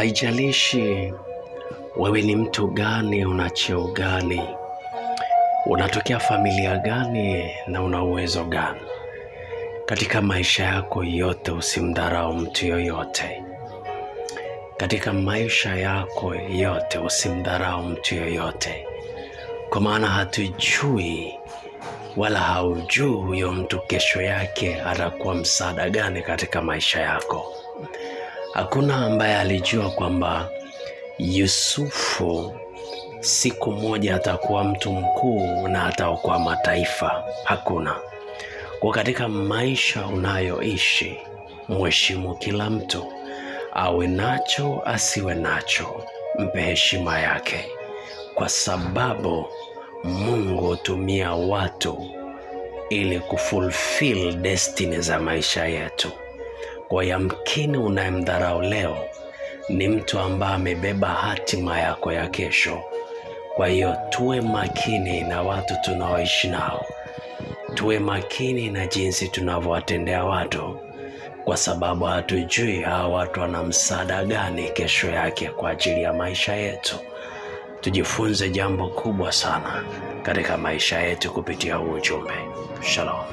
Haijalishi wewe ni mtu gani, una cheo gani, unatokea familia gani na una uwezo gani, katika maisha yako yote usimdharau mtu yoyote. Katika maisha yako yote usimdharau mtu yoyote, kwa maana hatujui wala haujui huyo mtu kesho yake atakuwa msaada gani katika maisha yako. Hakuna ambaye alijua kwamba Yusufu siku moja atakuwa mtu mkuu na ataokoa mataifa. Hakuna. Kwa katika maisha unayoishi, mheshimu kila mtu, awe nacho asiwe nacho, mpe heshima yake, kwa sababu Mungu hutumia watu ili kufulfill destiny za maisha yetu kwa yamkini unayemdharau leo ni mtu ambaye amebeba hatima yako ya kesho. Kwa hiyo tuwe makini na watu tunaoishi nao, tuwe makini na jinsi tunavyowatendea watu, kwa sababu hatujui hawa watu wana msaada gani kesho yake kwa ajili ya maisha yetu. Tujifunze jambo kubwa sana katika maisha yetu kupitia huu ujumbe. Shalom.